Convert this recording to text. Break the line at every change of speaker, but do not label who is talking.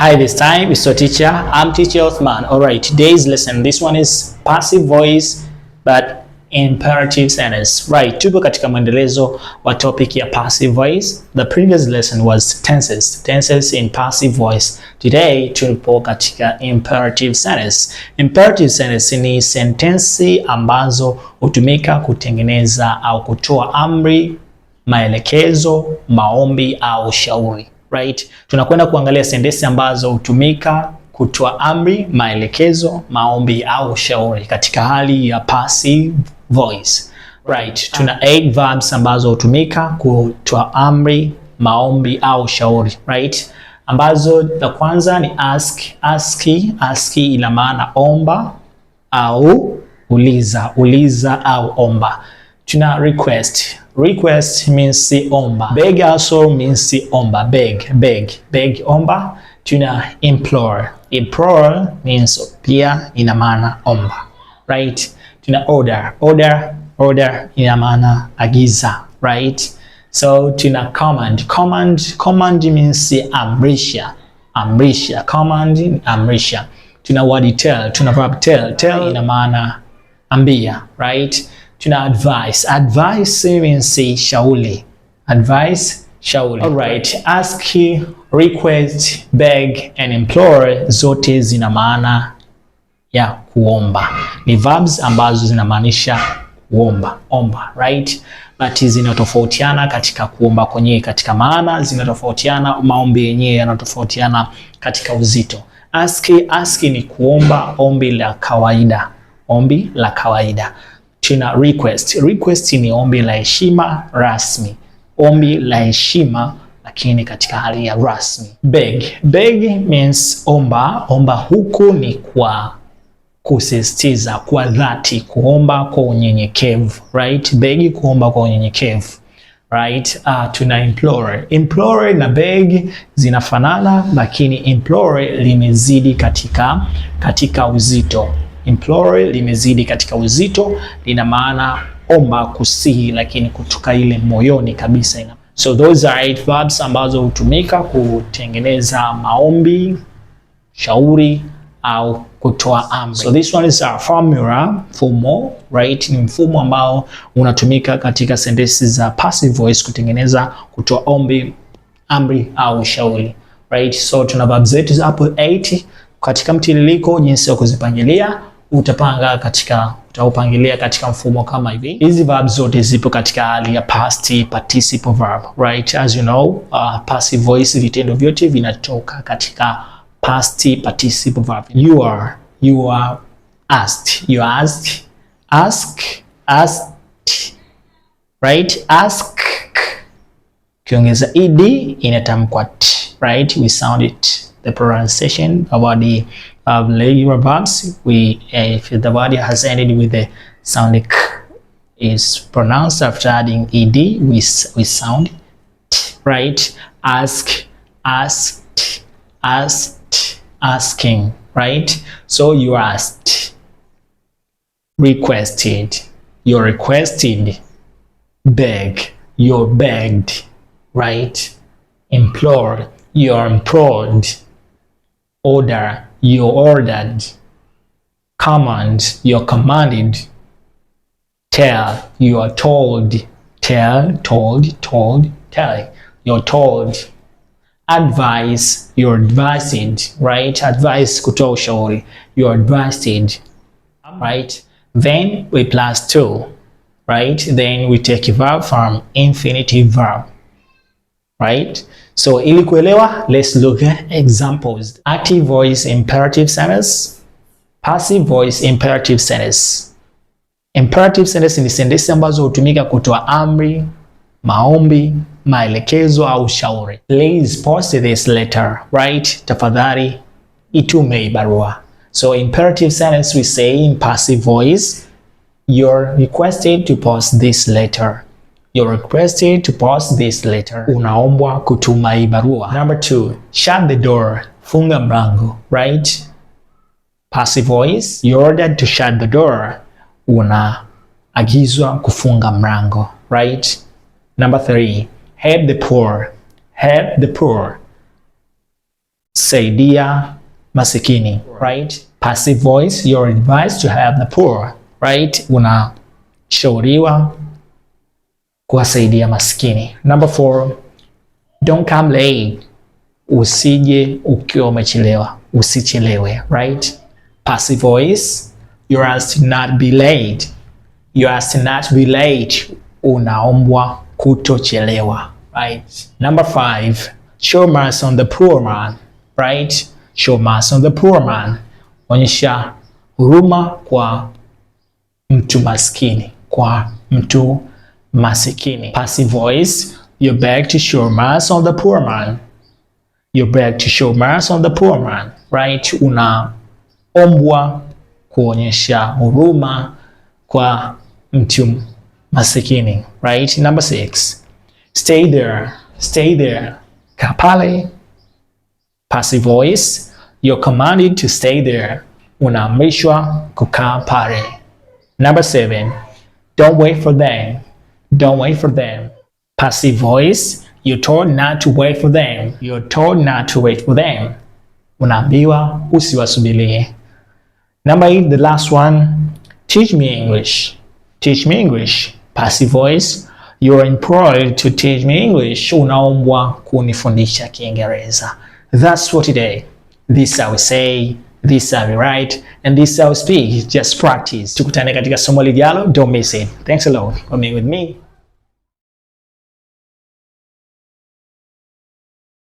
Hi, this time is your teacher. I'm teacher Othman. All right, today's lesson. This one is passive voice but imperative sentence. Right, tupo katika mwendelezo wa topic ya passive voice. The previous lesson was tenses, tenses in passive voice. Today tupo katika imperative sentence. Imperative sentence ni sentensi ambazo hutumika kutengeneza au kutoa amri, maelekezo, maombi au shauri right? Tunakwenda kuangalia sentensi ambazo hutumika kutoa amri, maelekezo, maombi au shauri katika hali ya passive voice. Right, tuna eight verbs ambazo hutumika kutoa amri, maombi au shauri, right? Ambazo la kwanza ni ask, ask, ask ina maana omba au uliza, uliza au omba tuna request. Request means si omba. Beg also means si omba. Beg, beg, beg omba. Tuna implore. Implore means pia ina maana omba. Right? Tuna order. Order, order ina maana agiza. Right? So tuna command. Command, command means si amrisha. Amrisha. Command, amrisha. Tuna word tell. Tuna verb tell. Tell ina maana ambia. Right? tuna advice. Advice means shauli. Advice, shauli. All right. Ask, request, beg and implore zote zina maana ya kuomba. Ni verbs ambazo zinamaanisha kuomba, omba, right? But zinatofautiana katika kuomba kwenyewe, katika maana zinatofautiana, maombi yenyewe yanatofautiana katika uzito. Ask, ask ni kuomba ombi la kawaida, ombi la kawaida. China request. Request ni ombi la heshima rasmi, ombi la heshima lakini katika hali ya rasmi. Beg. Beg means omba. Omba huku ni kwa kusisitiza, kwa dhati, kuomba kwa unyenyekevu, right? Beg, kuomba kwa unyenyekevu. Right? Uh, ah, tuna implore. Implore na beg zinafanana, lakini implore limezidi katika, katika uzito. Implore limezidi katika uzito, lina maana omba, kusihi, lakini kutoka ile moyoni kabisa. So those are eight verbs ambazo hutumika kutengeneza maombi, shauri au kutoa amri. So this one is a formula, mfumo, right? Ni mfumo ambao unatumika katika sentences za passive voice kutengeneza kutoa ombi, amri au shauri. Right? So tuna verbs zetu hapo 8 katika mtiririko jinsi ya kuzipangilia utapanga katika utaupangilia katika mfumo kama hivi. Hizi verbs zote zipo katika hali ya past participle verb, right? As you know, uh, passive voice, vitendo vyote vinatoka katika past participle verb. You are, you are asked, you are asked, ask, asked, right? Ask kiongeza ed inatamkwa t, right? We sound it. The pronunciation about the of legume verbs, we eh, if the word has ended with the sound k is pronounced after adding ed, we we sound t, right? Ask, asked, asked, asking, right? So you asked, requested, you requested, beg, you begged, right? Implore, you implored, order, you're ordered, command, you're commanded, tell, you are told, tell, told, told, tell, you're told, advise, you're advised, right? Advise kutoa you're advised, right? Then we plus two, right? Then we take a verb from infinitive verb. right? So ili kuelewa, let's look at examples. Active voice imperative sentence, passive voice imperative sentence. Imperative sentence ni sentensi ambazo hutumika kutoa amri, maombi, maelekezo au ushauri. Please post this letter, right? Tafadhali itume barua. So imperative sentence we say in passive voice, you're requested to post this letter. You're requested to post this letter. Unaombwa kutuma hii barua. Number two, shut the door. Funga mlango. Right? Passive voice. You're ordered to shut the door. Unaagizwa kufunga mlango. Right? Number three, help the poor. Help the poor. Saidia masikini. Right? Passive voice. You're advised to help the poor. Right? Unashauriwa kuwasaidia maskini. Number four, don't come late. Usije ukiwa umechelewa, usichelewe, right? Passive voice, you must not be late. You must not be late. Unaombwa kutochelewa, right? Number five, show mercy on the poor man, right? Show mercy on the poor man. Onyesha huruma kwa mtu maskini, kwa mtu masikini. Passive voice you beg to show mercy on the poor man, you beg to show mercy on the poor man. Right, unaombwa kuonyesha huruma kwa mtu masikini. Right, number six. Stay there, stay there. Kapale. Passive voice you're commanded to stay there, unaamrishwa kukaa pale. Number seven. Don't wait for them don't wait for them. Passive voice, you're told not to wait for them. You're told not to wait for them. Unaambiwa usiwasubirie. Number eight, the last one, teach me English. Teach me English. Passive voice, you're employed to teach me English. Unaombwa kunifundisha Kiingereza. That's for today. This I will say, this I will write, and this I will speak. Just practice. Tukutane katika somo lijalo. Don't miss it. Thanks a lot for being with me.